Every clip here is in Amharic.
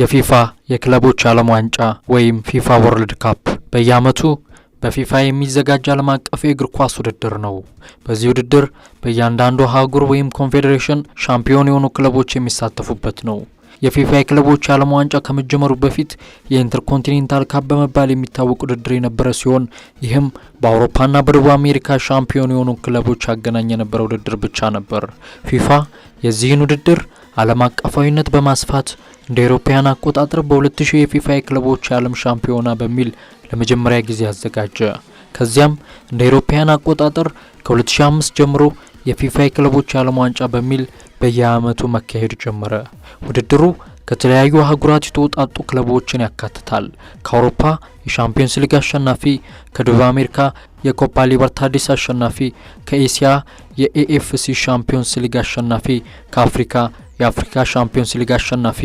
የፊፋ የክለቦች ዓለም ዋንጫ ወይም ፊፋ ወርልድ ካፕ በየዓመቱ በፊፋ የሚዘጋጅ ዓለም አቀፍ የእግር ኳስ ውድድር ነው። በዚህ ውድድር በእያንዳንዱ አህጉር ወይም ኮንፌዴሬሽን ሻምፒዮን የሆኑ ክለቦች የሚሳተፉበት ነው። የፊፋ የክለቦች ዓለም ዋንጫ ከመጀመሩ በፊት የኢንተርኮንቲኔንታል ካፕ በመባል የሚታወቅ ውድድር የነበረ ሲሆን ይህም በአውሮፓና በደቡብ አሜሪካ ሻምፒዮን የሆኑ ክለቦች ያገናኝ የነበረ ውድድር ብቻ ነበር። ፊፋ የዚህን ውድድር ዓለም አቀፋዊነት በማስፋት እንደ ኤሮፓያን አቆጣጠር በ2000 የፊፋ የክለቦች የዓለም ሻምፒዮና በሚል ለመጀመሪያ ጊዜ አዘጋጀ። ከዚያም እንደ ኤሮፓያን አቆጣጠር ከ2005 ጀምሮ የፊፋ የክለቦች የዓለም ዋንጫ በሚል በየዓመቱ መካሄድ ጀመረ። ውድድሩ ከተለያዩ አህጉራት የተወጣጡ ክለቦችን ያካትታል። ከአውሮፓ የሻምፒዮንስ ሊግ አሸናፊ፣ ከደቡብ አሜሪካ የኮፓ ሊበርታዲስ አሸናፊ፣ ከኤሲያ የኤኤፍሲ ሻምፒዮንስ ሊግ አሸናፊ፣ ከአፍሪካ የአፍሪካ ሻምፒዮንስ ሊግ አሸናፊ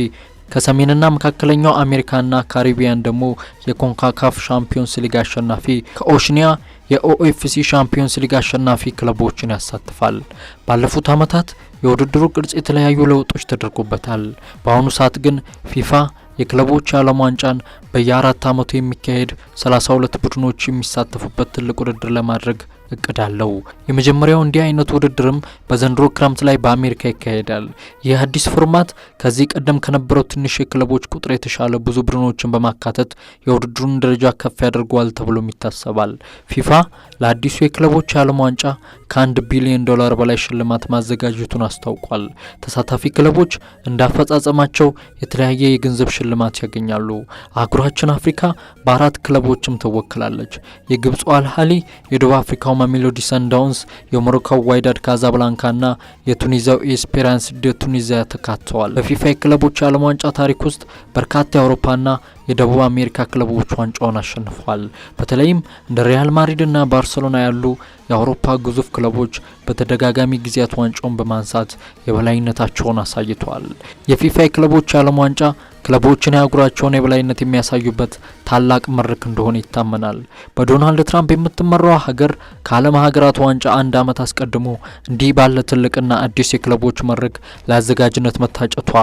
ከሰሜንና መካከለኛው አሜሪካና ካሪቢያን ደግሞ የኮንካካፍ ሻምፒዮንስ ሊግ አሸናፊ ከኦሽኒያ የኦኤፍሲ ሻምፒዮንስ ሊግ አሸናፊ ክለቦችን ያሳትፋል። ባለፉት ዓመታት የውድድሩ ቅርጽ የተለያዩ ለውጦች ተደርጎበታል። በአሁኑ ሰዓት ግን ፊፋ የክለቦች የዓለም ዋንጫን በየአራት ዓመቱ የሚካሄድ 32 ቡድኖች የሚሳተፉበት ትልቅ ውድድር ለማድረግ እቅድ አለው። የመጀመሪያው እንዲህ አይነት ውድድርም በዘንድሮ ክረምት ላይ በአሜሪካ ይካሄዳል። ይህ አዲስ ፎርማት ከዚህ ቀደም ከነበረው ትንሽ የክለቦች ቁጥር የተሻለ ብዙ ቡድኖችን በማካተት የውድድሩን ደረጃ ከፍ ያደርገዋል ተብሎም ይታሰባል። ፊፋ ለአዲሱ የክለቦች የዓለም ዋንጫ ከአንድ ቢሊዮን ዶላር በላይ ሽልማት ማዘጋጀቱን አስታውቋል። ተሳታፊ ክለቦች እንዳፈጻጸማቸው የተለያየ የገንዘብ ሽልማት ያገኛሉ። አህጉራችን አፍሪካ በአራት ክለቦችም ትወክላለች። የግብፁ አልሃሊ የደቡብ አፍሪካ የማላዊው ማሚሎዲ ሰንዳውንስ፣ የሞሮኮው ዋይዳድ ና የቱኒዚያው ኤስፔራንስ ደ ቱኒዚያ ተካተዋል። በፊፋ የክለቦች የዓለም ዋንጫ ታሪክ ውስጥ በርካታ የአውሮፓና የደቡብ አሜሪካ ክለቦች ዋንጫውን አሸንፏል። በተለይም እንደ ሪያል ማድሪድና ባርሰሎና ያሉ የአውሮፓ ግዙፍ ክለቦች በተደጋጋሚ ጊዜያት ዋንጫውን በማንሳት የበላይነታቸውን አሳይተዋል። የፊፋ ክለቦች የዓለም ዋንጫ ክለቦችን የአህጉራቸውን የበላይነት የሚያሳዩበት ታላቅ መድረክ እንደሆነ ይታመናል። በዶናልድ ትራምፕ የምትመራው ሀገር ከዓለም ሀገራት ዋንጫ አንድ ዓመት አስቀድሞ እንዲህ ባለ ትልቅና አዲስ የክለቦች መድረክ ለአዘጋጅነት መታጨቷ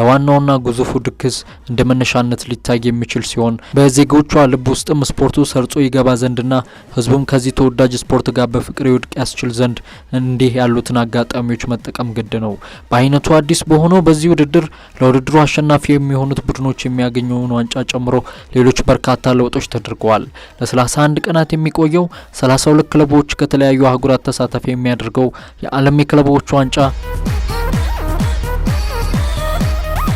ለዋናውና ግዙፉ ድግስ እንደ መነሻነት ሊታይ የሚችል ሲሆን በዜጎቿ ልብ ውስጥም ስፖርቱ ሰርጾ ይገባ ዘንድና ህዝቡም ከዚህ ተወዳጅ ስፖርት ጋር በፍቅር ይውድቅ ያስችል ዘንድ እንዲህ ያሉትን አጋጣሚዎች መጠቀም ግድ ነው። በአይነቱ አዲስ በሆነው በዚህ ውድድር ለውድድሩ አሸናፊ የሚሆኑት ቡድኖች የሚያገኘውን ዋንጫ ጨምሮ ሌሎች በርካታ ለውጦች ተደርገዋል። ለ31 ቀናት የሚቆየው 32 ክለቦች ከተለያዩ አህጉራት ተሳታፊ የሚያደርገው የዓለም የክለቦች ዋንጫ